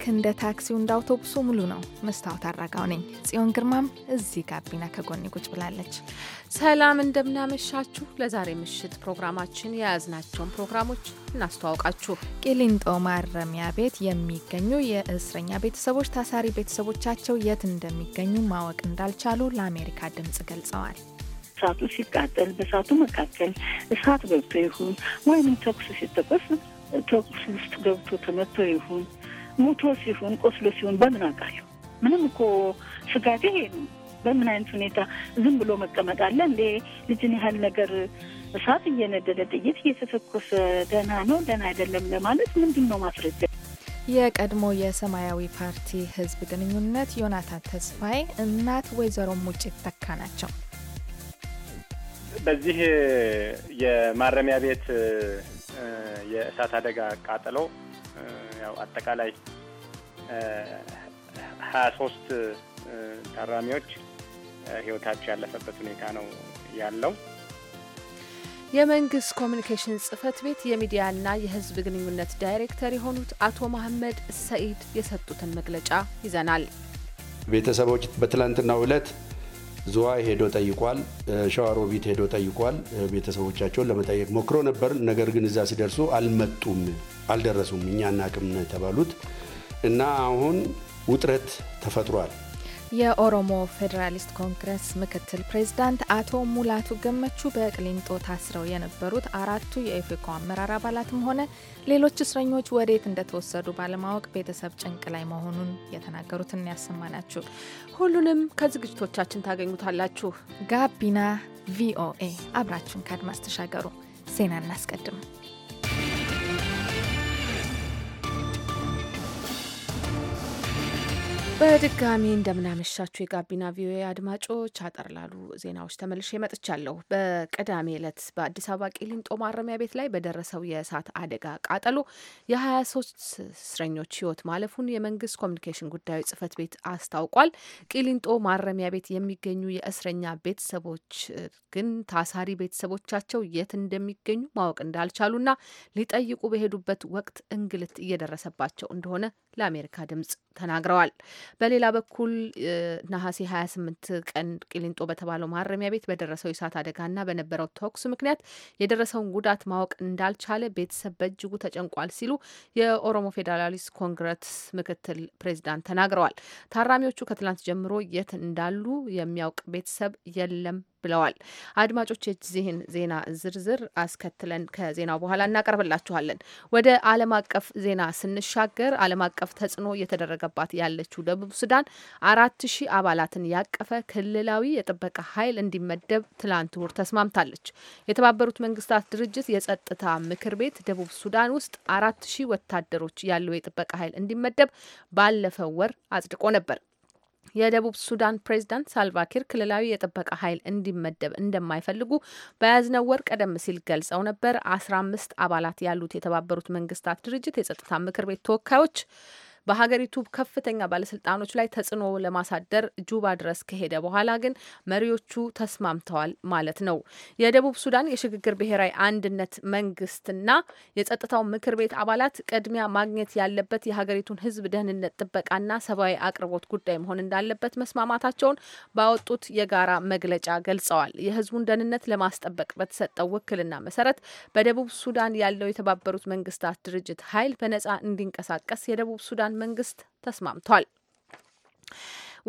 ልክ እንደ ታክሲው እንደ አውቶቡሱ ሙሉ ነው። መስታወት አድራጋው ነኝ። ጽዮን ግርማም እዚህ ጋቢና ከጎኔ ቁጭ ብላለች። ሰላም እንደምናመሻችሁ። ለዛሬ ምሽት ፕሮግራማችን የያዝናቸውን ፕሮግራሞች እናስተዋውቃችሁ። ቂሊንጦ ማረሚያ ቤት የሚገኙ የእስረኛ ቤተሰቦች ታሳሪ ቤተሰቦቻቸው የት እንደሚገኙ ማወቅ እንዳልቻሉ ለአሜሪካ ድምጽ ገልጸዋል። እሳቱ ሲቃጠል በእሳቱ መካከል እሳት ገብቶ ይሁን ወይም ተኩስ ሲተኮስ ተኩስ ውስጥ ገብቶ ተመቶ ይሁን ሙቶ ሲሆን ቆስሎ ሲሆን በምን አውቃለሁ? ምንም እኮ ስጋቴ ይሄ ነው። በምን አይነት ሁኔታ ዝም ብሎ መቀመጥ አለ እንዴ? ልጅን ያህል ነገር እሳት እየነደደ ጥይት እየተተኮሰ ደህና ነው ደህና አይደለም ለማለት ምንድን ነው ማስረጃ? የቀድሞ የሰማያዊ ፓርቲ ህዝብ ግንኙነት ዮናታን ተስፋዬ እናት ወይዘሮ ሙጭት ተካ ናቸው። በዚህ የማረሚያ ቤት የእሳት አደጋ ቃጠሎ ያው አጠቃላይ ሀያ ሶስት ታራሚዎች ህይወታቸው ያለፈበት ሁኔታ ነው ያለው። የመንግስት ኮሚኒኬሽን ጽህፈት ቤት የሚዲያና የህዝብ ግንኙነት ዳይሬክተር የሆኑት አቶ መሀመድ ሰኢድ የሰጡትን መግለጫ ይዘናል። ቤተሰቦች በትላንትናው እለት ዝዋይ ሄዶ ጠይቋል። ሸዋሮቢት ሄዶ ጠይቋል። ቤተሰቦቻቸውን ለመጠየቅ ሞክሮ ነበር። ነገር ግን እዛ ሲደርሱ አልመጡም፣ አልደረሱም። እኛ እናቅም ተባሉት የተባሉት እና አሁን ውጥረት ተፈጥሯል። የኦሮሞ ፌዴራሊስት ኮንግረስ ምክትል ፕሬዝዳንት አቶ ሙላቱ ገመቹ በቅሊንጦ ታስረው የነበሩት አራቱ የኢፌኮ አመራር አባላትም ሆነ ሌሎች እስረኞች ወዴት እንደተወሰዱ ባለማወቅ ቤተሰብ ጭንቅ ላይ መሆኑን የተናገሩትን ያሰማናችሁ። ሁሉንም ከዝግጅቶቻችን ታገኙታላችሁ። ጋቢና ቪኦኤ አብራችን ከአድማስ ተሻገሩ። ዜና እናስቀድም። በድጋሚ እንደምናመሻችሁ የጋቢና ቪኦኤ አድማጮች፣ አጠር ላሉ ዜናዎች ተመልሼ መጥቻለሁ። በቅዳሜ ዕለት በአዲስ አበባ ቂሊንጦ ማረሚያ ቤት ላይ በደረሰው የእሳት አደጋ ቃጠሎ የ23 እስረኞች ሕይወት ማለፉን የመንግስት ኮሚኒኬሽን ጉዳዮች ጽህፈት ቤት አስታውቋል። ቂሊንጦ ማረሚያ ቤት የሚገኙ የእስረኛ ቤተሰቦች ግን ታሳሪ ቤተሰቦቻቸው የት እንደሚገኙ ማወቅ እንዳልቻሉና ሊጠይቁ በሄዱበት ወቅት እንግልት እየደረሰባቸው እንደሆነ ለአሜሪካ ድምጽ ተናግረዋል። በሌላ በኩል ነሐሴ 28 ቀን ቂሊንጦ በተባለው ማረሚያ ቤት በደረሰው የእሳት አደጋና በነበረው ተኩስ ምክንያት የደረሰውን ጉዳት ማወቅ እንዳልቻለ ቤተሰብ በእጅጉ ተጨንቋል ሲሉ የኦሮሞ ፌዴራሊስት ኮንግረስ ምክትል ፕሬዚዳንት ተናግረዋል። ታራሚዎቹ ከትላንት ጀምሮ የት እንዳሉ የሚያውቅ ቤተሰብ የለም ብለዋል። አድማጮች የዚህን ዜና ዝርዝር አስከትለን ከዜናው በኋላ እናቀርብላችኋለን። ወደ ዓለም አቀፍ ዜና ስንሻገር ዓለም አቀፍ ተጽዕኖ እየተደረገባት ያለችው ደቡብ ሱዳን አራት ሺህ አባላትን ያቀፈ ክልላዊ የጥበቃ ኃይል እንዲመደብ ትላንት ውር ተስማምታለች። የተባበሩት መንግስታት ድርጅት የጸጥታ ምክር ቤት ደቡብ ሱዳን ውስጥ አራት ሺህ ወታደሮች ያለው የጥበቃ ኃይል እንዲመደብ ባለፈው ወር አጽድቆ ነበር። የደቡብ ሱዳን ፕሬዝዳንት ሳልቫኪር ክልላዊ የጥበቃ ኃይል እንዲመደብ እንደማይፈልጉ በያዝነው ወር ቀደም ሲል ገልጸው ነበር። አስራ አምስት አባላት ያሉት የተባበሩት መንግስታት ድርጅት የጸጥታ ምክር ቤት ተወካዮች በሀገሪቱ ከፍተኛ ባለስልጣኖች ላይ ተጽዕኖ ለማሳደር ጁባ ድረስ ከሄደ በኋላ ግን መሪዎቹ ተስማምተዋል ማለት ነው። የደቡብ ሱዳን የሽግግር ብሔራዊ አንድነት መንግስትና የጸጥታው ምክር ቤት አባላት ቅድሚያ ማግኘት ያለበት የሀገሪቱን ህዝብ ደህንነት ጥበቃና ሰብአዊ አቅርቦት ጉዳይ መሆን እንዳለበት መስማማታቸውን ባወጡት የጋራ መግለጫ ገልጸዋል። የህዝቡን ደህንነት ለማስጠበቅ በተሰጠው ውክልና መሰረት በደቡብ ሱዳን ያለው የተባበሩት መንግስታት ድርጅት ኃይል በነጻ እንዲንቀሳቀስ የደቡብ ሱዳን መንግስት ተስማምቷል።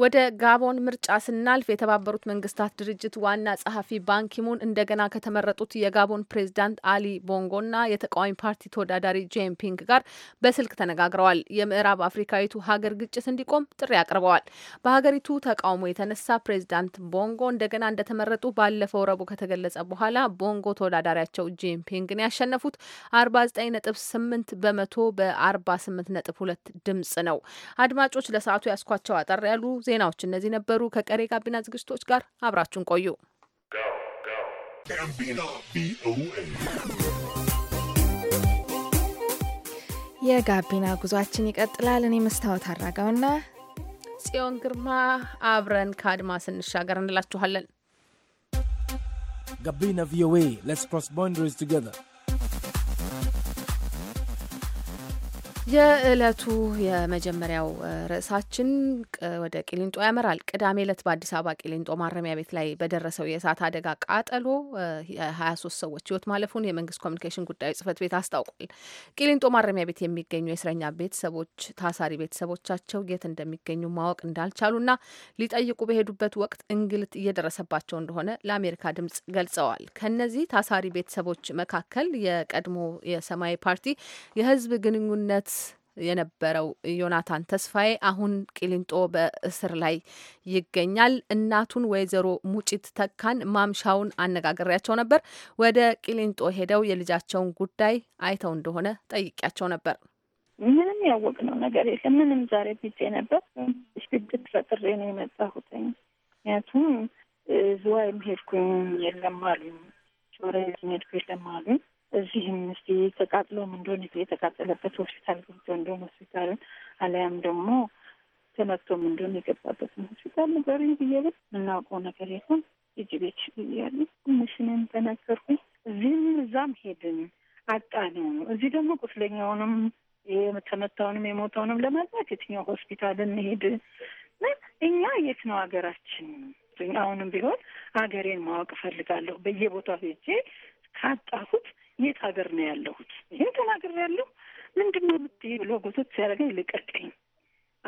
ወደ ጋቦን ምርጫ ስናልፍ የተባበሩት መንግስታት ድርጅት ዋና ጸሐፊ ባንኪሙን እንደገና ከተመረጡት የጋቦን ፕሬዚዳንት አሊ ቦንጎና የተቃዋሚ ፓርቲ ተወዳዳሪ ጄም ፒንክ ጋር በስልክ ተነጋግረዋል። የምዕራብ አፍሪካዊቱ ሀገር ግጭት እንዲቆም ጥሪ አቅርበዋል። በሀገሪቱ ተቃውሞ የተነሳ ፕሬዚዳንት ቦንጎ እንደገና እንደተመረጡ ባለፈው ረቡዕ ከተገለጸ በኋላ ቦንጎ ተወዳዳሪያቸው ጄን ፒንግን ያሸነፉት አርባ ዘጠኝ ነጥብ ስምንት በመቶ በአርባ ስምንት ነጥብ ሁለት ድምጽ ነው። አድማጮች ለሰዓቱ ያስኳቸው አጠር ያሉ ዜናዎች እነዚህ ነበሩ። ከቀሬ ጋቢና ዝግጅቶች ጋር አብራችሁን ቆዩ። የጋቢና ጉዟችን ይቀጥላል። እኔ መስታወት አራጋውና ጽዮን ግርማ አብረን ከአድማስ ስንሻገር እንላችኋለን። ጋቢና ቪኦኤ ሌትስ ክሮስ ባውንደሪስ ቱጌዘር የዕለቱ የመጀመሪያው ርዕሳችን ወደ ቂሊንጦ ያመራል። ቅዳሜ ዕለት በአዲስ አበባ ቂሊንጦ ማረሚያ ቤት ላይ በደረሰው የእሳት አደጋ ቃጠሎ የ23 ሰዎች ህይወት ማለፉን የመንግስት ኮሚኒኬሽን ጉዳዮች ጽህፈት ቤት አስታውቋል። ቂሊንጦ ማረሚያ ቤት የሚገኙ የእስረኛ ቤተሰቦች ታሳሪ ቤተሰቦቻቸው የት እንደሚገኙ ማወቅ እንዳልቻሉና ሊጠይቁ በሄዱበት ወቅት እንግልት እየደረሰባቸው እንደሆነ ለአሜሪካ ድምጽ ገልጸዋል። ከነዚህ ታሳሪ ቤተሰቦች መካከል የቀድሞ የሰማያዊ ፓርቲ የህዝብ ግንኙነት የነበረው ዮናታን ተስፋዬ አሁን ቂሊንጦ በእስር ላይ ይገኛል። እናቱን ወይዘሮ ሙጪት ተካን ማምሻውን አነጋግሬያቸው ነበር። ወደ ቂሊንጦ ሄደው የልጃቸውን ጉዳይ አይተው እንደሆነ ጠይቂያቸው ነበር። ምንም ያወቅነው ነገር የለም። ምንም ዛሬ ቢጤ ነበር ሽግግር ፈጥሬ ነው የመጣሁትኝ። ምክንያቱም ዝዋይ ሄድኩኝ የለም አሉኝ። ጮሬ ሄድኩ የለም አሉኝ እዚህም እስቲ ተቃጥሎም እንደሆነ የተቃጠለበት ሆስፒታል ገብቶ እንደሆነ ሆስፒታልን አለያም ደግሞ ተመቶም እንደሆነ የገባበትን ሆስፒታል ንገሩኝ ብዬ ብል የምናውቀው ነገር የለም። እጅ ቤች ብያሉ ትንሽንም ተነገርኩኝ። እዚህም እዛም ሄድን አጣነው ነው። እዚህ ደግሞ ቁስለኛውንም የተመታውንም የሞተውንም ለማግኘት የትኛው ሆስፒታል እንሄድ? እኛ የት ነው ሀገራችን? አሁንም ቢሆን ሀገሬን ማወቅ እፈልጋለሁ። በየቦታው ሄጄ ካጣሁት የት ሀገር ነው ያለሁት? ይህን ተናገር ያለሁ ምንድን ነው የምትይ ብሎ ጉትት ሲያደርገኝ ልቀቀኝ፣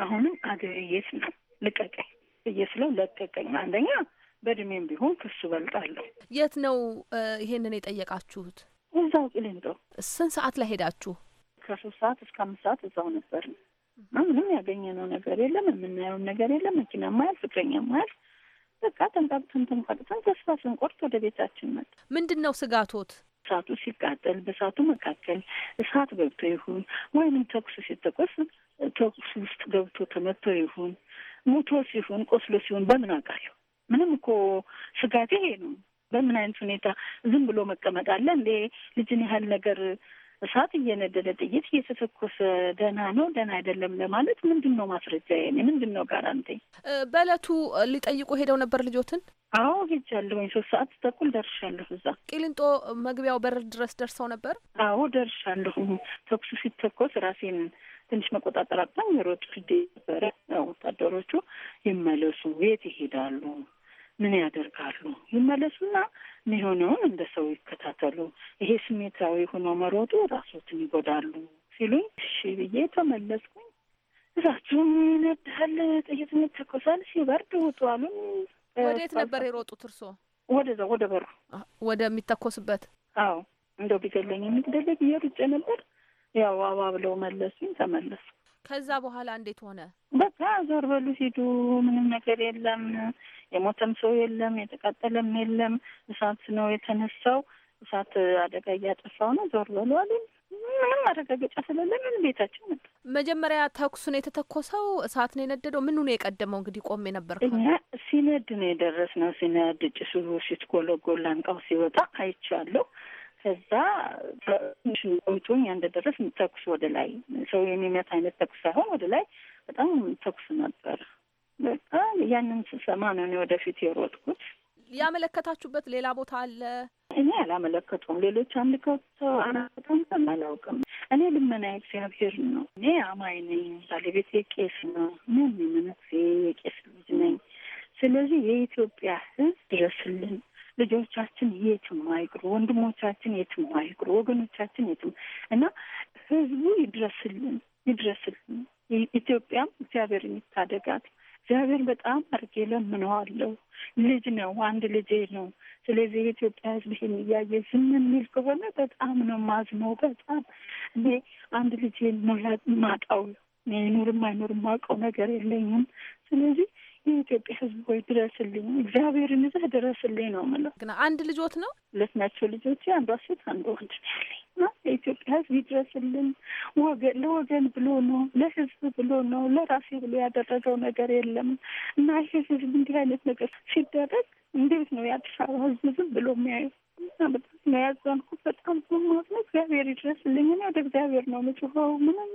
አሁንም አገር የት ነው ልቀቀኝ ብዬ ስለው ለቀቀኝ። አንደኛ በእድሜም ቢሆን ክሱ በልጣለሁ። የት ነው ይሄንን የጠየቃችሁት? እዛው ቂሊንጦ። ስንት ሰዓት ላይ ሄዳችሁ? ከሶስት ሰዓት እስከ አምስት ሰዓት እዛው ነበር። ምንም ያገኘነው ነገር የለም፣ የምናየውን ነገር የለም። መኪና ማያል፣ ፍቅረኛ ማያል። በቃ ተንቃቅተን ተንቃቅተን ተስፋ ስንቆርጥ ወደ ቤታችን መጣ። ምንድን ነው ስጋቶት? እሳቱ ሲቃጠል በእሳቱ መካከል እሳት ገብቶ ይሁን ወይም ተኩስ ሲተኮስ ተኩስ ውስጥ ገብቶ ተመቶ ይሁን ሙቶ ሲሆን ቆስሎ ሲሆን በምን አውቃለሁ? ምንም እኮ ስጋቴ ይሄ ነው። በምን አይነት ሁኔታ ዝም ብሎ መቀመጥ አለ እንዴ? ልጅን ያህል ነገር እሳት እየነደደ ጥይት እየተተኮሰ ደህና ነው ደህና አይደለም ለማለት ምንድን ነው ማስረጃ? የኔ ምንድን ነው ጋራንቲ? በእለቱ ሊጠይቁ ሄደው ነበር ልጆትን? አዎ ወይ ሶስት ሰዓት ተኩል ደርሻለሁ። እዛ ቂሊንጦ መግቢያው በር ድረስ ደርሰው ነበር? አዎ ደርሻለሁ። ተኩሱ ሲተኮስ ራሴን ትንሽ መቆጣጠር አጣኝ። ፍዴ ነበረ ወታደሮቹ ይመለሱ፣ የት ይሄዳሉ ምን ያደርጋሉ? ይመለሱና የሚሆነውን እንደ ሰው ይከታተሉ። ይሄ ስሜታዊ ሆኖ መሮጡ ራሶትን ይጎዳሉ ሲሉኝ እሺ ብዬ ተመለስኩኝ። እዛችሁም ይነድሃል፣ ጥይት ይተኮሳል፣ ሲበርድ ውጡ አሉን። ወዴት ነበር የሮጡት እርስዎ? ወደዛ ወደ በሩ ወደሚተኮስበት። አዎ እንደው ቢገለኝ የሚግደለ ብዬ ሩጬ ነበር። ያው አባ ብለው መለሱኝ፣ ተመለስኩ። ከዛ በኋላ እንዴት ሆነ? በቃ ዞር በሉ ሂዱ፣ ምንም ነገር የለም፣ የሞተም ሰው የለም፣ የተቃጠለም የለም፣ እሳት ነው የተነሳው፣ እሳት አደጋ እያጠፋው ነው፣ ዞር በሉ አሉኝ። ምንም ማረጋገጫ ምን ቤታችን ነበር። መጀመሪያ ተኩስ ነው የተተኮሰው? እሳት ነው የነደደው? ምኑ ነው የቀደመው? እንግዲህ ቆሜ ነበር። እኛ ሲነድ ነው የደረስነው። ሲነድ ጭሱ ሲትጎለጎል አንቃው ሲወጣ አይቻለሁ። ከዛ ትንሽ ቆይቶኝ እንደደረስ ተኩስ ወደ ላይ ሰው የሚመት አይነት ተኩስ ሳይሆን ወደ ላይ በጣም ተኩስ ነበር። በቃ ያንን ስሰማ ነው ወደፊት የሮጥኩት። ያመለከታችሁበት ሌላ ቦታ አለ? እኔ አላመለከቱም። ሌሎች አንድ ከብተው አናበጣም አላውቅም። እኔ ልመና እግዚአብሔር ነው። እኔ አማኝ ነኝ። ባለቤት የቄስ ነው። ምን መነኩሴ የቄስ ልጅ ነኝ። ስለዚህ የኢትዮጵያ ሕዝብ ድረስልን ልጆቻችን የትም አይቅሩ፣ ወንድሞቻችን የትም አይቅሩ፣ ወገኖቻችን የትም እና ህዝቡ ይድረስልን ይድረስልን። ኢትዮጵያም እግዚአብሔር የሚታደጋት እግዚአብሔር በጣም አድርጌ ለምነዋለሁ። ልጅ ነው፣ አንድ ልጄ ነው። ስለዚህ የኢትዮጵያ ህዝብ ይህን እያየ ዝም የሚል ከሆነ በጣም ነው ማዝነው። በጣም እኔ አንድ ልጄ ማጣው። ይኑርም አይኑርም ማውቀው ነገር የለኝም። ስለዚህ የኢትዮጵያ ሕዝብ ወይ ድረስልኝ፣ እግዚአብሔርን ይዘህ ድረስልኝ ነው የምለው። ግን አንድ ልጆት ነው ሁለት ናቸው ልጆች፣ አንዷ ሴት አንዱ ወንድ ነው ያለኝ እና የኢትዮጵያ ሕዝብ ይድረስልን። ወገን ለወገን ብሎ ነው ለሕዝብ ብሎ ነው ለራሴ ብሎ ያደረገው ነገር የለም እና ይሄ ሕዝብ እንዲህ አይነት ነገር ሲደረግ እንዴት ነው የአዲስ አበባ ሕዝብ ዝም ብሎ የሚያዩ? በጣም ነው ያዘንኩት። በጣም ማለት ነው። እግዚአብሔር ይድረስልኝ። እኔ ወደ እግዚአብሔር ነው ምጮኸው። ምንም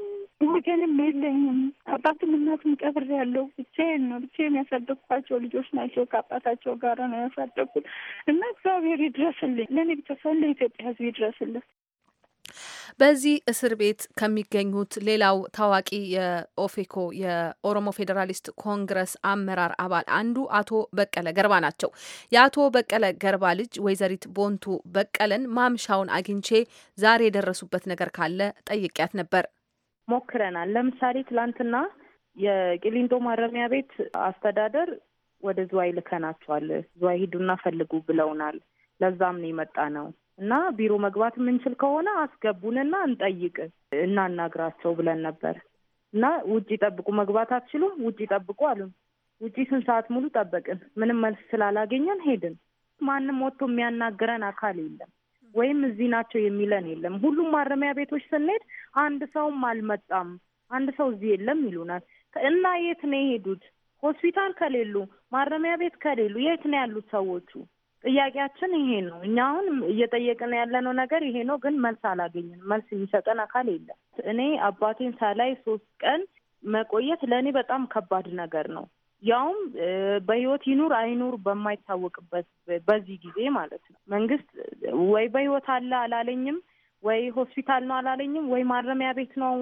ወገንም የለኝም። አባትም እናትም ቀብር ያለው ብቻዬን ነው። ብቻዬን ያሳደግኳቸው ልጆች ናቸው። ከአባታቸው ጋር ነው ያሳደግኩት እና እግዚአብሔር ይድረስልኝ። ለእኔ ብቻ ሳለ ኢትዮጵያ ሕዝብ ይድረስልን። በዚህ እስር ቤት ከሚገኙት ሌላው ታዋቂ የኦፌኮ የኦሮሞ ፌዴራሊስት ኮንግረስ አመራር አባል አንዱ አቶ በቀለ ገርባ ናቸው። የአቶ በቀለ ገርባ ልጅ ወይዘሪት ቦንቱ በቀለን ማምሻውን አግኝቼ ዛሬ የደረሱበት ነገር ካለ ጠይቂያት ነበር። ሞክረናል። ለምሳሌ ትላንትና የቂሊንጦ ማረሚያ ቤት አስተዳደር ወደ ዝዋይ ልከናቸዋል። ዝዋይ ሂዱና ፈልጉ ብለውናል። ለዛም ነው የመጣ ነው እና ቢሮ መግባት የምንችል ከሆነ አስገቡንና እንጠይቅ እናናግራቸው ብለን ነበር። እና ውጭ ጠብቁ፣ መግባት አትችሉም፣ ውጭ ጠብቁ አሉን። ውጭ ስንት ሰዓት ሙሉ ጠበቅን። ምንም መልስ ስላላገኘን ሄድን። ማንም ወጥቶ የሚያናግረን አካል የለም፣ ወይም እዚህ ናቸው የሚለን የለም። ሁሉም ማረሚያ ቤቶች ስንሄድ አንድ ሰውም አልመጣም፣ አንድ ሰው እዚህ የለም ይሉናል። እና የት ነው የሄዱት? ሆስፒታል ከሌሉ ማረሚያ ቤት ከሌሉ የት ነው ያሉት ሰዎቹ? ጥያቄያችን ይሄ ነው። እኛ አሁን እየጠየቅን ያለነው ነገር ይሄ ነው፣ ግን መልስ አላገኝንም። መልስ የሚሰጠን አካል የለም። እኔ አባቴን ሳላይ ሶስት ቀን መቆየት ለእኔ በጣም ከባድ ነገር ነው። ያውም በህይወት ይኑር አይኑር በማይታወቅበት በዚህ ጊዜ ማለት ነው። መንግስት ወይ በህይወት አለ አላለኝም፣ ወይ ሆስፒታል ነው አላለኝም፣ ወይ ማረሚያ ቤት ነው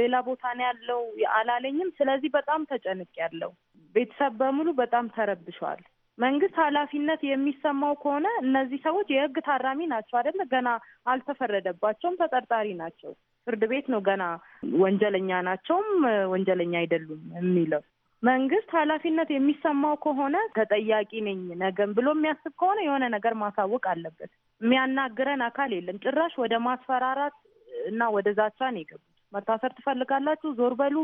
ሌላ ቦታ ነው ያለው አላለኝም። ስለዚህ በጣም ተጨንቅ ያለው ቤተሰብ በሙሉ በጣም ተረብሸዋል። መንግስት ኃላፊነት የሚሰማው ከሆነ እነዚህ ሰዎች የህግ ታራሚ ናቸው አይደለ? ገና አልተፈረደባቸውም፣ ተጠርጣሪ ናቸው። ፍርድ ቤት ነው ገና ወንጀለኛ ናቸውም ወንጀለኛ አይደሉም የሚለው መንግስት ኃላፊነት የሚሰማው ከሆነ ተጠያቂ ነኝ ነገም ብሎ የሚያስብ ከሆነ የሆነ ነገር ማሳወቅ አለበት። የሚያናግረን አካል የለም። ጭራሽ ወደ ማስፈራራት እና ወደ ዛቻ ነው የገቡት። መታሰር ትፈልጋላችሁ፣ ዞር በሉ፣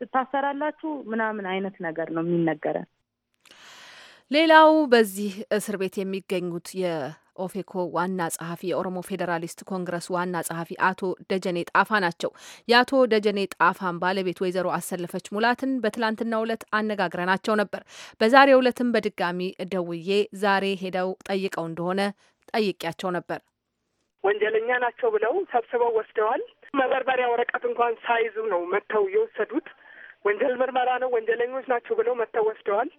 ትታሰራላችሁ ምናምን አይነት ነገር ነው የሚነገረን። ሌላው በዚህ እስር ቤት የሚገኙት ኦፌኮ ዋና ጸሐፊ የኦሮሞ ፌዴራሊስት ኮንግረስ ዋና ጸሐፊ አቶ ደጀኔ ጣፋ ናቸው። የአቶ ደጀኔ ጣፋን ባለቤት ወይዘሮ አሰለፈች ሙላትን በትላንትናው ዕለት አነጋግረናቸው ነበር። በዛሬው ዕለትም በድጋሚ ደውዬ ዛሬ ሄደው ጠይቀው እንደሆነ ጠይቄያቸው ነበር። ወንጀለኛ ናቸው ብለው ሰብስበው ወስደዋል። መበርበሪያ ወረቀት እንኳን ሳይዙ ነው መጥተው የወሰዱት። ወንጀል ምርመራ ነው፣ ወንጀለኞች ናቸው ብለው መጥተው ወስደዋል።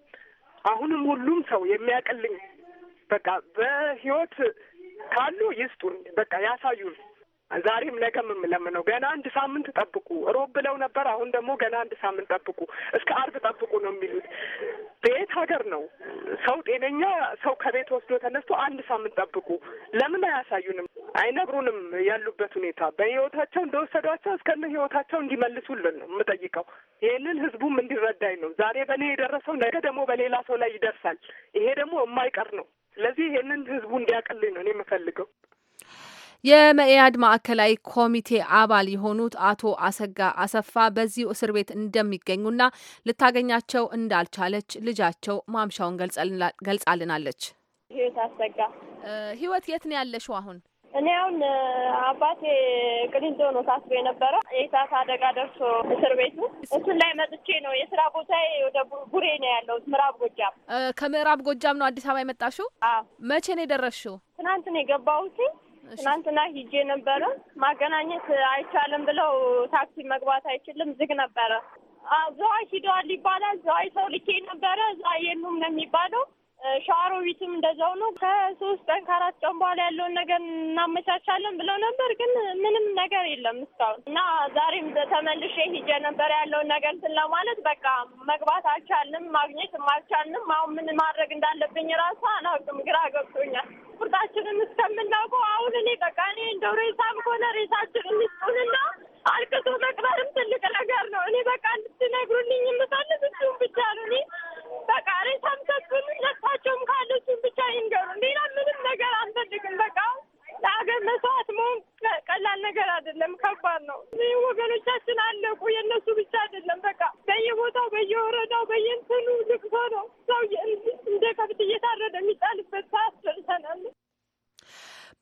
አሁንም ሁሉም ሰው የሚያቀልኝ በቃ በህይወት ካሉ ይስጡን፣ በቃ ያሳዩን። ዛሬም ነገም የምለምነው ገና አንድ ሳምንት ጠብቁ፣ ሮብ ብለው ነበር። አሁን ደግሞ ገና አንድ ሳምንት ጠብቁ፣ እስከ አርብ ጠብቁ ነው የሚሉት። ቤት ሀገር ነው። ሰው ጤነኛ ሰው ከቤት ወስዶ ተነስቶ አንድ ሳምንት ጠብቁ። ለምን አያሳዩንም? አይነግሩንም ያሉበት ሁኔታ በህይወታቸው እንደወሰዷቸው እስከነ ህይወታቸው እንዲመልሱልን ነው የምጠይቀው። ይህንን ህዝቡም እንዲረዳኝ ነው። ዛሬ በእኔ የደረሰው ነገ ደግሞ በሌላ ሰው ላይ ይደርሳል። ይሄ ደግሞ የማይቀር ነው። ስለዚህ ይህንን ህዝቡ እንዲያቅልኝ ነው እኔ የምፈልገው። የመኢአድ ማዕከላዊ ኮሚቴ አባል የሆኑት አቶ አሰጋ አሰፋ በዚሁ እስር ቤት እንደሚገኙና ልታገኛቸው እንዳልቻለች ልጃቸው ማምሻውን ገልጻልናለች። ህይወት አሰጋ፣ ህይወት የት ነው ያለሽው አሁን? እኔ አሁን አባቴ ቅሊንጦ ነው ታስቦ የነበረው የእሳት አደጋ ደርሶ እስር ቤቱ እሱን ላይ መጥቼ ነው። የስራ ቦታዬ ወደ ቡሬ ነው ያለሁት፣ ምዕራብ ጎጃም። ከምዕራብ ጎጃም ነው አዲስ አበባ የመጣሽው? መቼ ነው የደረስሽው? ትናንት ነው የገባሁት። ትናንትና ሂጄ ነበረ። ማገናኘት አይቻልም ብለው ታክሲ መግባት አይችልም፣ ዝግ ነበረ። ዘዋ ሂደዋል ይባላል። ዘዋ ሰው ልኬ ነበረ። ዘዋ የሉም ነው የሚባለው ሸዋሮቢትም እንደዛው ነው። ከሶስት ቀን ከአራት ቀን በኋላ ያለውን ነገር እናመቻቻለን ብለው ነበር፣ ግን ምንም ነገር የለም እስካሁን እና ዛሬም ተመልሼ ሂጄ ነበር ያለውን ነገር እንትን ለማለት በቃ መግባት አልቻልንም፣ ማግኘት አልቻልንም። አሁን ምን ማድረግ እንዳለብኝ ራሱ አናውቅም፣ ግራ ገብቶኛል። ቁርጣችንን እስከምናውቀው አሁን እኔ በቃ እኔ እንደው ሬሳም ከሆነ ሬሳችንን እንስጡንና አልቅሶ መቅበርም ትልቅ ነገር ነው። እኔ በቃ እንድትነግሩልኝ የምፈልግ እሱም ብቻ ነው። እኔ በቃ እኔ ሰምተቱን ለሳቸውም ካለ እሱም ብቻ ይንገሩ። ሌላ ምንም ነገር አንፈልግም። በቃ ለአገር መስዋዕት መሆን ቀላል ነገር አይደለም፣ ከባድ ነው። ይህ ወገኖቻችን አለቁ፣ የእነሱ ብቻ አይደለም። በቃ በየቦታው በየወረዳው በየንትኑ ልቅሶ ነው። ሰው እንደ ከብት እየታረደ የሚጣልበት ሰዓት ደርሰናል።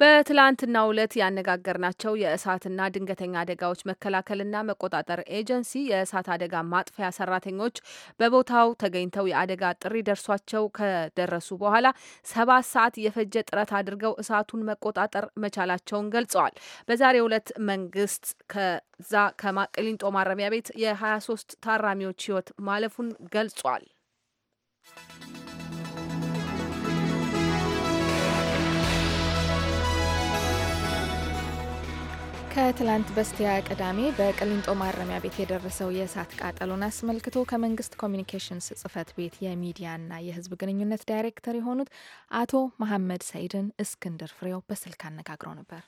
በትላንትናው ዕለት ያነጋገርናቸው የእሳትና ድንገተኛ አደጋዎች መከላከልና መቆጣጠር ኤጀንሲ የእሳት አደጋ ማጥፊያ ሰራተኞች በቦታው ተገኝተው የአደጋ ጥሪ ደርሷቸው ከደረሱ በኋላ ሰባት ሰዓት የፈጀ ጥረት አድርገው እሳቱን መቆጣጠር መቻላቸውን ገልጸዋል። በዛሬው ዕለት መንግስት ከዛ ከማቅሊንጦ ማረሚያ ቤት የ23 ታራሚዎች ህይወት ማለፉን ገልጿል። ከትላንት በስቲያ ቅዳሜ በቅሊንጦ ማረሚያ ቤት የደረሰው የእሳት ቃጠሎን አስመልክቶ ከመንግስት ኮሚኒኬሽንስ ጽህፈት ቤት የሚዲያና የህዝብ ግንኙነት ዳይሬክተር የሆኑት አቶ መሐመድ ሰይድን እስክንድር ፍሬው በስልክ አነጋግረው ነበር።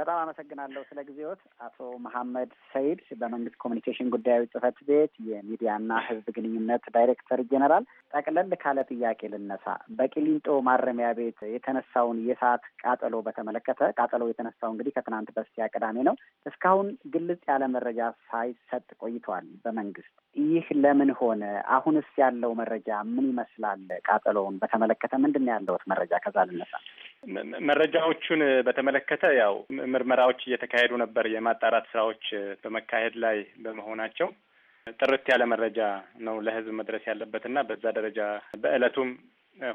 በጣም አመሰግናለሁ ስለ ጊዜዎት አቶ መሐመድ ሰይድ በመንግስት ኮሚኒኬሽን ጉዳዮች ጽህፈት ቤት የሚዲያና ህዝብ ግንኙነት ዳይሬክተር ጄኔራል። ጠቅለል ካለ ጥያቄ ልነሳ። በቂሊንጦ ማረሚያ ቤት የተነሳውን የሰዓት ቃጠሎ በተመለከተ ቃጠሎ የተነሳው እንግዲህ ከትናንት በስቲያ ቅዳሜ ነው። እስካሁን ግልጽ ያለ መረጃ ሳይሰጥ ቆይተዋል በመንግስት። ይህ ለምን ሆነ? አሁንስ ያለው መረጃ ምን ይመስላል? ቃጠሎውን በተመለከተ ምንድን ነው ያለውት መረጃ? ከዛ ልነሳ መረጃዎቹን በተመለከተ ያው ምርመራዎች እየተካሄዱ ነበር። የማጣራት ስራዎች በመካሄድ ላይ በመሆናቸው ጥርት ያለ መረጃ ነው ለህዝብ መድረስ ያለበት እና በዛ ደረጃ በእለቱም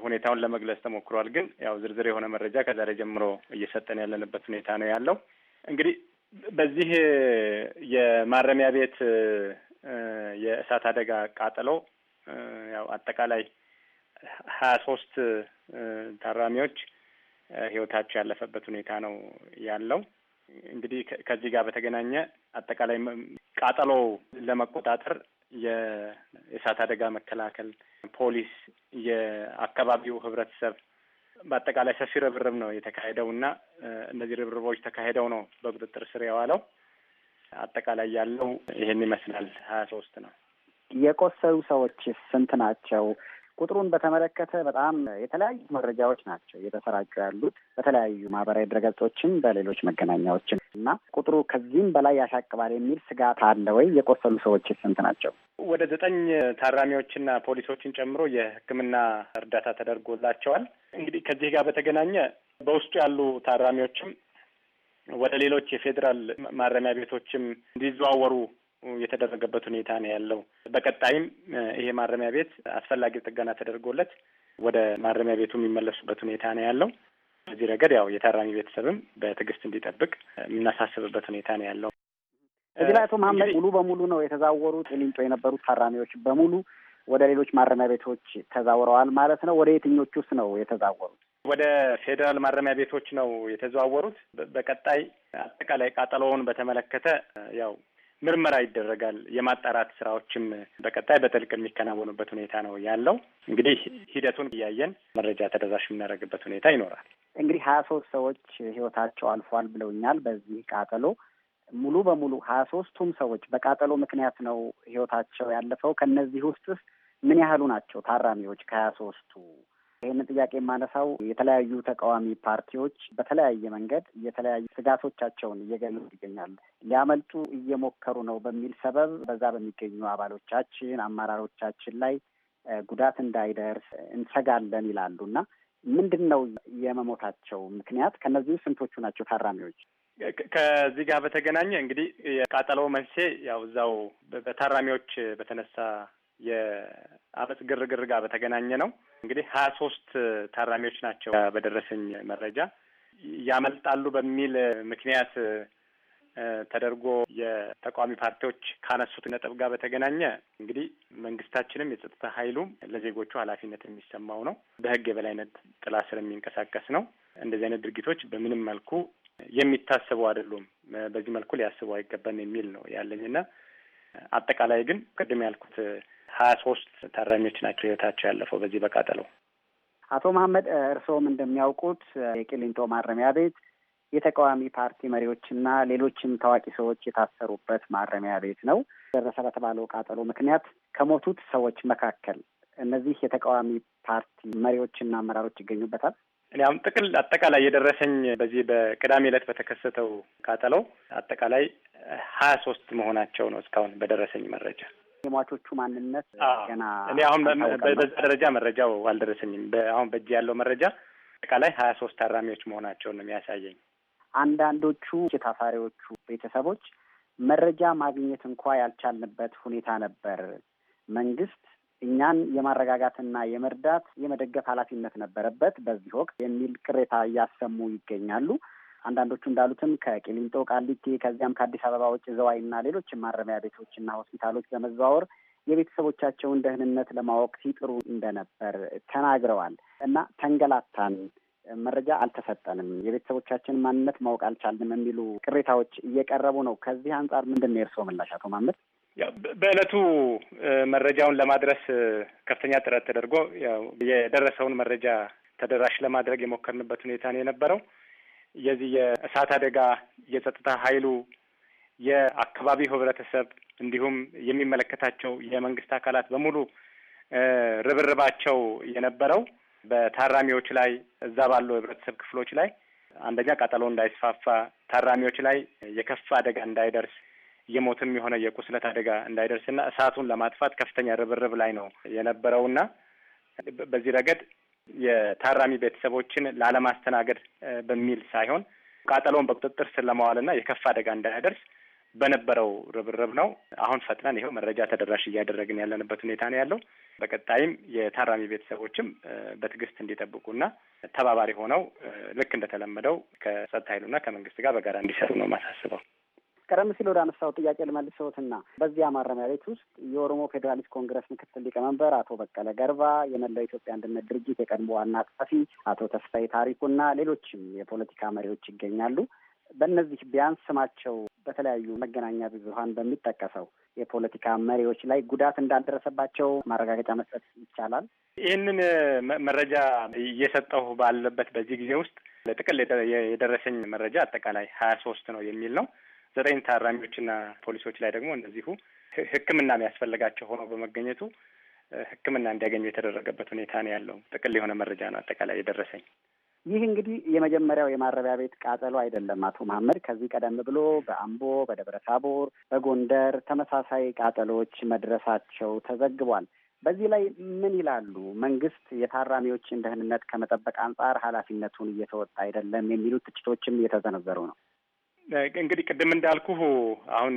ሁኔታውን ለመግለጽ ተሞክሯል። ግን ያው ዝርዝር የሆነ መረጃ ከዛሬ ጀምሮ እየሰጠን ያለንበት ሁኔታ ነው ያለው። እንግዲህ በዚህ የማረሚያ ቤት የእሳት አደጋ ቃጠሎ ያው አጠቃላይ ሀያ ሶስት ታራሚዎች ህይወታቸው ያለፈበት ሁኔታ ነው ያለው። እንግዲህ ከዚህ ጋር በተገናኘ አጠቃላይ ቃጠሎ ለመቆጣጠር የእሳት አደጋ መከላከል ፖሊስ፣ የአካባቢው ህብረተሰብ በአጠቃላይ ሰፊ ርብርብ ነው የተካሄደው እና እነዚህ ርብርቦች ተካሄደው ነው በቁጥጥር ስር የዋለው። አጠቃላይ ያለው ይህን ይመስላል። ሀያ ሶስት ነው። የቆሰሉ ሰዎች ስንት ናቸው? ቁጥሩን በተመለከተ በጣም የተለያዩ መረጃዎች ናቸው እየተሰራጩ ያሉት በተለያዩ ማህበራዊ ድረገጾችም በሌሎች መገናኛዎችም እና ቁጥሩ ከዚህም በላይ ያሻቅባል የሚል ስጋት አለ ወይ? የቆሰሉ ሰዎች ስንት ናቸው? ወደ ዘጠኝ ታራሚዎችና ፖሊሶችን ጨምሮ የሕክምና እርዳታ ተደርጎላቸዋል። እንግዲህ ከዚህ ጋር በተገናኘ በውስጡ ያሉ ታራሚዎችም ወደ ሌሎች የፌዴራል ማረሚያ ቤቶችም እንዲዘዋወሩ የተደረገበት ሁኔታ ነው ያለው። በቀጣይም ይሄ ማረሚያ ቤት አስፈላጊ ጥገና ተደርጎለት ወደ ማረሚያ ቤቱ የሚመለሱበት ሁኔታ ነው ያለው። በዚህ ረገድ ያው የታራሚ ቤተሰብም በትዕግስት እንዲጠብቅ የምናሳስብበት ሁኔታ ነው ያለው። እዚህ ላይ አቶ መሀመድ ሙሉ በሙሉ ነው የተዛወሩት ቂሊንጦ የነበሩት ታራሚዎች በሙሉ ወደ ሌሎች ማረሚያ ቤቶች ተዛውረዋል ማለት ነው። ወደ የትኞቹ ውስጥ ነው የተዛወሩት? ወደ ፌዴራል ማረሚያ ቤቶች ነው የተዘዋወሩት። በቀጣይ አጠቃላይ ቃጠሎውን በተመለከተ ያው ምርመራ ይደረጋል። የማጣራት ስራዎችም በቀጣይ በጥልቅ የሚከናወኑበት ሁኔታ ነው ያለው። እንግዲህ ሂደቱን እያየን መረጃ ተደራሽ የምናደርግበት ሁኔታ ይኖራል። እንግዲህ ሀያ ሶስት ሰዎች ህይወታቸው አልፏል ብለውኛል። በዚህ ቃጠሎ ሙሉ በሙሉ ሀያ ሶስቱም ሰዎች በቃጠሎ ምክንያት ነው ህይወታቸው ያለፈው። ከእነዚህ ውስጥስ ምን ያህሉ ናቸው ታራሚዎች ከሀያ ሶስቱ ይህን ጥያቄ የማነሳው የተለያዩ ተቃዋሚ ፓርቲዎች በተለያየ መንገድ የተለያዩ ስጋቶቻቸውን እየገለጹ ይገኛሉ። ሊያመልጡ እየሞከሩ ነው በሚል ሰበብ በዛ በሚገኙ አባሎቻችን፣ አመራሮቻችን ላይ ጉዳት እንዳይደርስ እንሰጋለን ይላሉ እና ምንድን ነው የመሞታቸው ምክንያት? ከእነዚህ ስንቶቹ ናቸው ታራሚዎች? ከዚህ ጋር በተገናኘ እንግዲህ የቃጠለው መንስኤ ያው እዛው በታራሚዎች በተነሳ የአመፅ ግርግር ጋር በተገናኘ ነው። እንግዲህ ሀያ ሶስት ታራሚዎች ናቸው በደረሰኝ መረጃ ያመልጣሉ በሚል ምክንያት ተደርጎ የተቃዋሚ ፓርቲዎች ካነሱት ነጥብ ጋር በተገናኘ እንግዲህ መንግስታችንም የጸጥታ ኃይሉም ለዜጎቹ ኃላፊነት የሚሰማው ነው። በህግ የበላይነት ጥላ ስር የሚንቀሳቀስ ነው። እንደዚህ አይነት ድርጊቶች በምንም መልኩ የሚታሰቡ አይደሉም። በዚህ መልኩ ሊያስቡ አይገባም የሚል ነው ያለኝና አጠቃላይ ግን ቅድም ያልኩት ሀያ ሶስት ታራሚዎች ናቸው ህይወታቸው ያለፈው በዚህ በቃጠለው። አቶ መሀመድ እርስዎም እንደሚያውቁት የቂሊንጦ ማረሚያ ቤት የተቃዋሚ ፓርቲ መሪዎችና ሌሎችም ታዋቂ ሰዎች የታሰሩበት ማረሚያ ቤት ነው። ደረሰ በተባለው ቃጠሎ ምክንያት ከሞቱት ሰዎች መካከል እነዚህ የተቃዋሚ ፓርቲ መሪዎችና አመራሮች ይገኙበታል። እኔም ጥቅል አጠቃላይ የደረሰኝ በዚህ በቅዳሜ ዕለት በተከሰተው ቃጠሎ አጠቃላይ ሀያ ሶስት መሆናቸው ነው እስካሁን በደረሰኝ መረጃ። የሟቾቹ ማንነት ገና እኔ አሁን በዛ ደረጃ መረጃው አልደረሰኝም። አሁን በእጅ ያለው መረጃ አጠቃላይ ሀያ ሶስት ታራሚዎች መሆናቸውን ነው የሚያሳየኝ። አንዳንዶቹ የታሳሪዎቹ ቤተሰቦች መረጃ ማግኘት እንኳ ያልቻልንበት ሁኔታ ነበር። መንግስት እኛን የማረጋጋትና የመርዳት የመደገፍ ኃላፊነት ነበረበት በዚህ ወቅት የሚል ቅሬታ እያሰሙ ይገኛሉ። አንዳንዶቹ እንዳሉትም ከቂሊንጦ ቃሊቲ፣ ከዚያም ከአዲስ አበባ ውጭ ዘዋይ እና ሌሎችም ማረሚያ ቤቶችና ሆስፒታሎች በመዘዋወር የቤተሰቦቻቸውን ደህንነት ለማወቅ ሲጥሩ እንደነበር ተናግረዋል። እና ተንገላታን፣ መረጃ አልተሰጠንም፣ የቤተሰቦቻችን ማንነት ማወቅ አልቻልንም የሚሉ ቅሬታዎች እየቀረቡ ነው። ከዚህ አንጻር ምንድን ነው የእርስዎ ምላሽ አቶ ማመድ? በእለቱ መረጃውን ለማድረስ ከፍተኛ ጥረት ተደርጎ ያው የደረሰውን መረጃ ተደራሽ ለማድረግ የሞከርንበት ሁኔታ ነው የነበረው። የዚህ የእሳት አደጋ የጸጥታ ኃይሉ፣ የአካባቢው ህብረተሰብ እንዲሁም የሚመለከታቸው የመንግስት አካላት በሙሉ ርብርባቸው የነበረው በታራሚዎች ላይ እዛ ባሉ ህብረተሰብ ክፍሎች ላይ አንደኛ ቃጠሎ እንዳይስፋፋ፣ ታራሚዎች ላይ የከፋ አደጋ እንዳይደርስ የሞትም የሆነ የቁስለት አደጋ እንዳይደርስና እሳቱን ለማጥፋት ከፍተኛ ርብርብ ላይ ነው የነበረውና በዚህ ረገድ የታራሚ ቤተሰቦችን ላለማስተናገድ በሚል ሳይሆን ቃጠሎውን በቁጥጥር ስር ለማዋልና የከፋ አደጋ እንዳያደርስ በነበረው ርብርብ ነው። አሁን ፈጥነን ይኸው መረጃ ተደራሽ እያደረግን ያለንበት ሁኔታ ነው ያለው። በቀጣይም የታራሚ ቤተሰቦችም በትዕግስት እንዲጠብቁና ተባባሪ ሆነው ልክ እንደተለመደው ከጸጥታ ኃይሉና ከመንግስት ጋር በጋራ እንዲሰሩ ነው ማሳስበው። ቀደም ሲል ወደ አነሳው ጥያቄ ልመልሰዎትና በዚያ ማረሚያ ቤት ውስጥ የኦሮሞ ፌዴራሊስት ኮንግረስ ምክትል ሊቀመንበር አቶ በቀለ ገርባ፣ የመላው ኢትዮጵያ አንድነት ድርጅት የቀድሞ ዋና ጸሐፊ አቶ ተስፋዬ ታሪኩና ሌሎችም የፖለቲካ መሪዎች ይገኛሉ። በእነዚህ ቢያንስ ስማቸው በተለያዩ መገናኛ ብዙኃን በሚጠቀሰው የፖለቲካ መሪዎች ላይ ጉዳት እንዳልደረሰባቸው ማረጋገጫ መስጠት ይቻላል። ይህንን መረጃ እየሰጠሁ ባለበት በዚህ ጊዜ ውስጥ ለጥቅል የደረሰኝ መረጃ አጠቃላይ ሀያ ሶስት ነው የሚል ነው። ዘጠኝ ታራሚዎችና ፖሊሶች ላይ ደግሞ እንደዚሁ ሕክምና የሚያስፈልጋቸው ሆኖ በመገኘቱ ሕክምና እንዲያገኙ የተደረገበት ሁኔታ ነው ያለው። ጥቅል የሆነ መረጃ ነው አጠቃላይ የደረሰኝ። ይህ እንግዲህ የመጀመሪያው የማረቢያ ቤት ቃጠሎ አይደለም አቶ መሀመድ። ከዚህ ቀደም ብሎ በአምቦ፣ በደብረ ታቦር፣ በጎንደር ተመሳሳይ ቃጠሎዎች መድረሳቸው ተዘግቧል። በዚህ ላይ ምን ይላሉ? መንግስት የታራሚዎችን ደህንነት ከመጠበቅ አንጻር ኃላፊነቱን እየተወጣ አይደለም የሚሉት ትችቶችም እየተዘነዘሩ ነው። እንግዲህ ቅድም እንዳልኩህ አሁን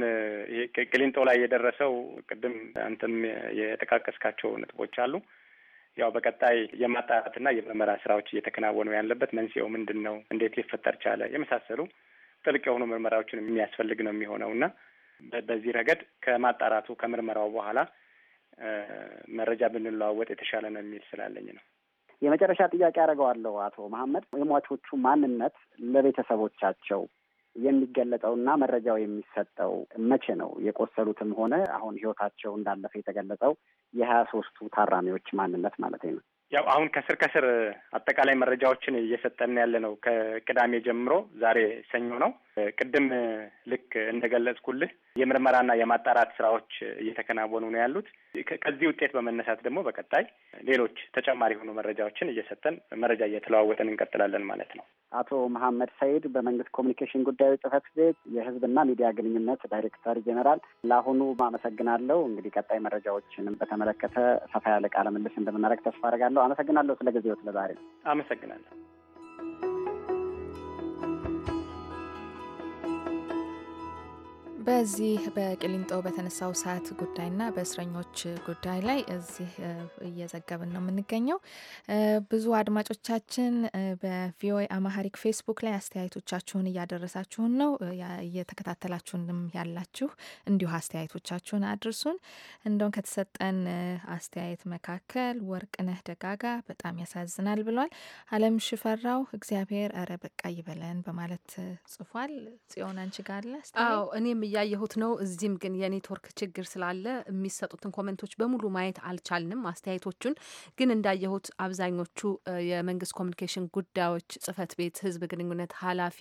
ቅሊንጦ ላይ የደረሰው ቅድም አንተም የጠቃቀስካቸው ነጥቦች አሉ። ያው በቀጣይ የማጣራትና የምርመራ ስራዎች እየተከናወኑ ያለበት መንስኤው ምንድን ነው፣ እንዴት ሊፈጠር ቻለ፣ የመሳሰሉ ጥልቅ የሆኑ ምርመራዎችን የሚያስፈልግ ነው የሚሆነው እና በዚህ ረገድ ከማጣራቱ ከምርመራው በኋላ መረጃ ብንለዋወጥ የተሻለ ነው የሚል ስላለኝ ነው። የመጨረሻ ጥያቄ አደርገዋለሁ። አቶ መሀመድ የሟቾቹ ማንነት ለቤተሰቦቻቸው የሚገለጠውና መረጃው የሚሰጠው መቼ ነው? የቆሰሉትም ሆነ አሁን ህይወታቸው እንዳለፈ የተገለጸው የሀያ ሶስቱ ታራሚዎች ማንነት ማለት ነው። ያው አሁን ከስር ከስር አጠቃላይ መረጃዎችን እየሰጠን ያለ ነው። ከቅዳሜ ጀምሮ ዛሬ ሰኞ ነው። ቅድም ልክ እንደገለጽኩልህ የምርመራና የማጣራት ስራዎች እየተከናወኑ ነው ያሉት። ከዚህ ውጤት በመነሳት ደግሞ በቀጣይ ሌሎች ተጨማሪ የሆኑ መረጃዎችን እየሰጠን መረጃ እየተለዋወጠን እንቀጥላለን ማለት ነው። አቶ መሐመድ ሰይድ በመንግስት ኮሚኒኬሽን ጉዳዮች ጽህፈት ቤት የህዝብና ሚዲያ ግንኙነት ዳይሬክተር ጄኔራል፣ ለአሁኑ አመሰግናለሁ። እንግዲህ ቀጣይ መረጃዎችንም በተመለከተ ሰፋ ያለ ቃለ ምልልስ እንደምናደርግ ተስፋ አደርጋለሁ። አመሰግናለሁ ስለ ጊዜው። ስለ ዛሬ አመሰግናለሁ። በዚህ በቅሊንጦ በተነሳው ሰዓት ጉዳይና በእስረኞች ጉዳይ ላይ እዚህ እየዘገብን ነው የምንገኘው። ብዙ አድማጮቻችን በቪኦኤ አማሀሪክ ፌስቡክ ላይ አስተያየቶቻችሁን እያደረሳችሁን ነው፣ እየተከታተላችሁንም ያላችሁ እንዲሁ አስተያየቶቻችሁን አድርሱን። እንደውም ከተሰጠን አስተያየት መካከል ወርቅነህ ደጋጋ በጣም ያሳዝናል ብሏል። አለም ሽፈራው እግዚአብሔር እረ በቃ ይበለን በማለት ጽፏል። ጽዮን አንቺ ጋር አለ እያየሁት ነው። እዚህም ግን የኔትወርክ ችግር ስላለ የሚሰጡትን ኮመንቶች በሙሉ ማየት አልቻልንም። አስተያየቶቹን ግን እንዳየሁት አብዛኞቹ የመንግስት ኮሚኒኬሽን ጉዳዮች ጽህፈት ቤት ህዝብ ግንኙነት ኃላፊ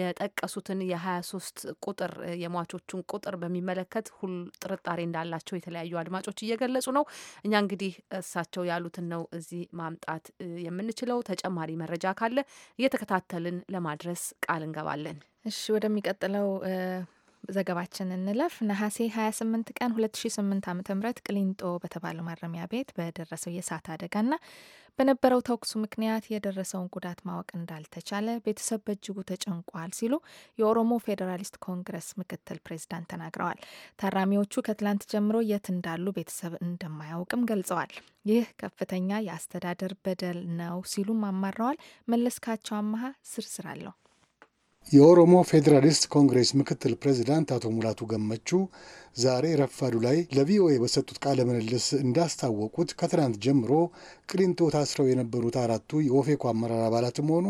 የጠቀሱትን የሀያ ሶስት ቁጥር የሟቾቹን ቁጥር በሚመለከት ሁሉ ጥርጣሬ እንዳላቸው የተለያዩ አድማጮች እየገለጹ ነው። እኛ እንግዲህ እሳቸው ያሉትን ነው እዚህ ማምጣት የምንችለው። ተጨማሪ መረጃ ካለ እየተከታተልን ለማድረስ ቃል እንገባለን። እሺ ወደሚቀጥለው ዘገባችን እንለፍ። ነሐሴ 28 ቀን 2008 ዓ ም ቅሊንጦ በተባለው ማረሚያ ቤት በደረሰው የእሳት አደጋና በነበረው ተኩሱ ምክንያት የደረሰውን ጉዳት ማወቅ እንዳልተቻለ ቤተሰብ በእጅጉ ተጨንቋል ሲሉ የኦሮሞ ፌዴራሊስት ኮንግረስ ምክትል ፕሬዚዳንት ተናግረዋል። ታራሚዎቹ ከትላንት ጀምሮ የት እንዳሉ ቤተሰብ እንደማያውቅም ገልጸዋል። ይህ ከፍተኛ የአስተዳደር በደል ነው ሲሉም አማረዋል። መለስካቸው አመሀ ዝርዝር አለው። የኦሮሞ ፌዴራሊስት ኮንግሬስ ምክትል ፕሬዚዳንት አቶ ሙላቱ ገመቹ ዛሬ ረፋዱ ላይ ለቪኦኤ በሰጡት ቃለ ምልልስ እንዳስታወቁት ከትናንት ጀምሮ ቅሊንጦ ታስረው የነበሩት አራቱ የኦፌኮ አመራር አባላትም ሆኑ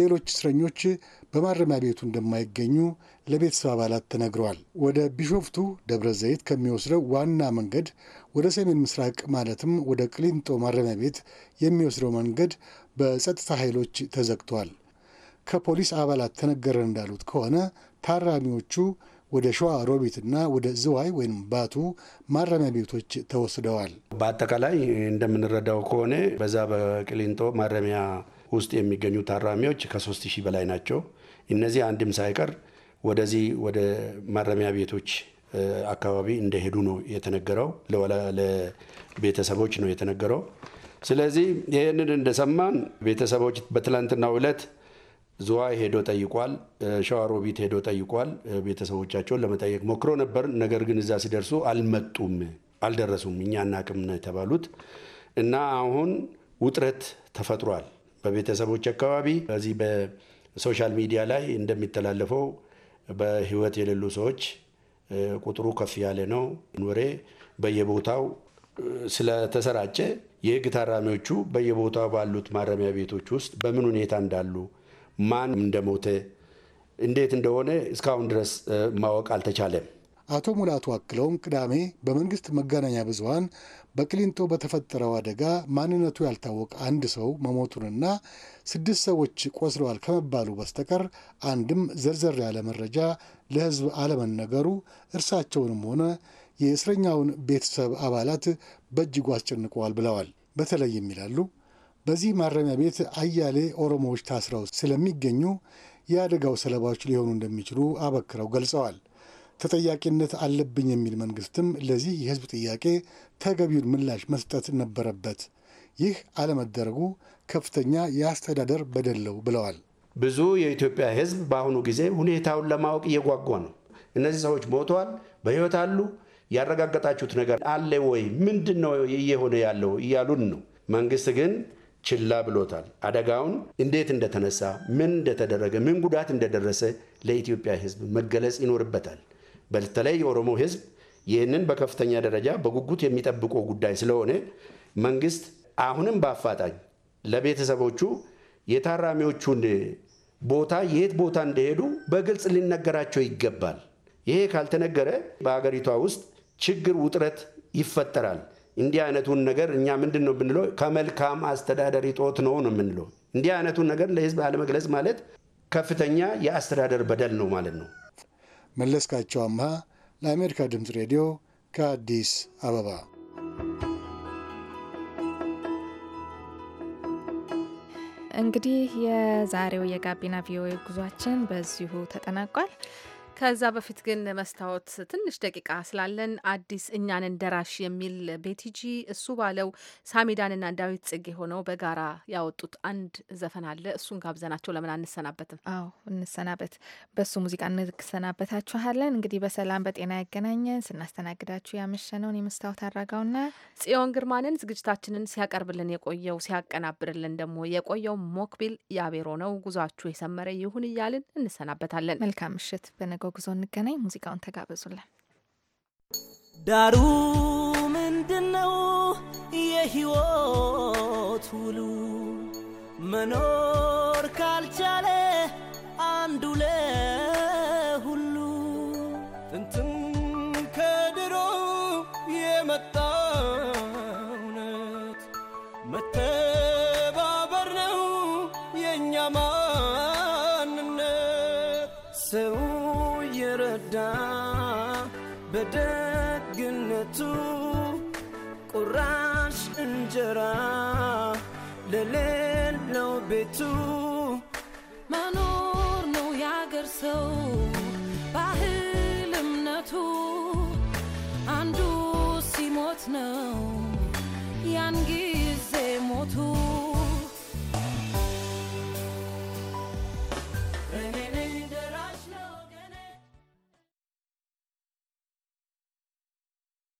ሌሎች እስረኞች በማረሚያ ቤቱ እንደማይገኙ ለቤተሰብ አባላት ተነግረዋል። ወደ ቢሾፍቱ ደብረ ዘይት ከሚወስደው ዋና መንገድ ወደ ሰሜን ምስራቅ ማለትም ወደ ቅሊንጦ ማረሚያ ቤት የሚወስደው መንገድ በጸጥታ ኃይሎች ተዘግቷል። ከፖሊስ አባላት ተነገረን እንዳሉት ከሆነ ታራሚዎቹ ወደ ሸዋ ሮቢትና ወደ ዝዋይ ወይም ባቱ ማረሚያ ቤቶች ተወስደዋል። በአጠቃላይ እንደምንረዳው ከሆነ በዛ በቅሊንጦ ማረሚያ ውስጥ የሚገኙ ታራሚዎች ከሶስት ሺህ በላይ ናቸው። እነዚህ አንድም ሳይቀር ወደዚህ ወደ ማረሚያ ቤቶች አካባቢ እንደሄዱ ነው የተነገረው። ለቤተሰቦች ነው የተነገረው። ስለዚህ ይህንን እንደሰማን ቤተሰቦች በትላንትናው ዕለት ዝዋይ ሄዶ ጠይቋል። ሸዋሮቢት ሄዶ ጠይቋል። ቤተሰቦቻቸውን ለመጠየቅ ሞክሮ ነበር። ነገር ግን እዛ ሲደርሱ አልመጡም፣ አልደረሱም። እኛ አናቅም ነው የተባሉት እና አሁን ውጥረት ተፈጥሯል በቤተሰቦች አካባቢ። በዚህ በሶሻል ሚዲያ ላይ እንደሚተላለፈው በህይወት የሌሉ ሰዎች ቁጥሩ ከፍ ያለ ነው። ወሬ በየቦታው ስለተሰራጨ የህግ ታራሚዎቹ በየቦታው ባሉት ማረሚያ ቤቶች ውስጥ በምን ሁኔታ እንዳሉ ማን እንደሞተ እንዴት እንደሆነ እስካሁን ድረስ ማወቅ አልተቻለም። አቶ ሙላቱ አክለውም ቅዳሜ በመንግስት መገናኛ ብዙኃን በቅሊንጦ በተፈጠረው አደጋ ማንነቱ ያልታወቀ አንድ ሰው መሞቱንና ስድስት ሰዎች ቆስለዋል ከመባሉ በስተቀር አንድም ዘርዘር ያለ መረጃ ለሕዝብ አለመነገሩ እርሳቸውንም ሆነ የእስረኛውን ቤተሰብ አባላት በእጅጉ አስጨንቀዋል ብለዋል። በተለይም ይላሉ በዚህ ማረሚያ ቤት አያሌ ኦሮሞዎች ታስረው ስለሚገኙ የአደጋው ሰለባዎች ሊሆኑ እንደሚችሉ አበክረው ገልጸዋል። ተጠያቂነት አለብኝ የሚል መንግስትም ለዚህ የህዝብ ጥያቄ ተገቢውን ምላሽ መስጠት ነበረበት። ይህ አለመደረጉ ከፍተኛ የአስተዳደር በደል ብለዋል። ብዙ የኢትዮጵያ ህዝብ በአሁኑ ጊዜ ሁኔታውን ለማወቅ እየጓጓ ነው። እነዚህ ሰዎች ሞተዋል፣ በህይወት አሉ፣ ያረጋገጣችሁት ነገር አለ ወይ? ምንድን ነው እየሆነ ያለው? እያሉን ነው። መንግስት ግን ችላ ብሎታል። አደጋውን እንዴት እንደተነሳ፣ ምን እንደተደረገ፣ ምን ጉዳት እንደደረሰ ለኢትዮጵያ ሕዝብ መገለጽ ይኖርበታል። በተለይ የኦሮሞ ሕዝብ ይህንን በከፍተኛ ደረጃ በጉጉት የሚጠብቀው ጉዳይ ስለሆነ መንግስት አሁንም በአፋጣኝ ለቤተሰቦቹ የታራሚዎቹን ቦታ የት ቦታ እንደሄዱ በግልጽ ሊነገራቸው ይገባል። ይሄ ካልተነገረ በሀገሪቷ ውስጥ ችግር፣ ውጥረት ይፈጠራል። እንዲህ አይነቱን ነገር እኛ ምንድን ነው ብንለው ከመልካም አስተዳደር እጦት ነው ነው የምንለው። እንዲህ አይነቱን ነገር ለህዝብ አለመግለጽ ማለት ከፍተኛ የአስተዳደር በደል ነው ማለት ነው። መለስካቸው አምሃ ለአሜሪካ ድምፅ ሬዲዮ ከአዲስ አበባ። እንግዲህ የዛሬው የጋቢና ቪኦኤ ጉዟችን በዚሁ ተጠናቋል። ከዛ በፊት ግን መስታወት ትንሽ ደቂቃ ስላለን አዲስ እኛንን ደራሽ የሚል ቤቲጂ እሱ ባለው ሳሚዳንና ዳዊት ጽጌ ሆነው በጋራ ያወጡት አንድ ዘፈን አለ። እሱን ጋብዘናቸው ለምን አንሰናበትም? አዎ እንሰናበት። በእሱ ሙዚቃ እንሰናበታችኋለን። እንግዲህ በሰላም በጤና ያገናኘን። ስናስተናግዳችሁ ያመሸነውን የመስታወት አድራጋውና ጽዮን ግርማንን ዝግጅታችንን ሲያቀርብልን የቆየው ሲያቀናብርልን ደግሞ የቆየው ሞክቢል ያቤሮ ነው። ጉዟችሁ የሰመረ ይሁን እያልን እንሰናበታለን። መልካም ምሽት በነገ ጉዞ እንገናኝ። ሙዚቃውን ተጋበዙልን። ዳሩ ምንድነው? የህይወት ውሉ መኖር ካልቻለ አንዱ ለ የሌለው ቤቱ መኖር ነው ያገር ሰው ባህል እምነቱ አንዱ ሲሞት ነው ያን ጊዜ ሞቱ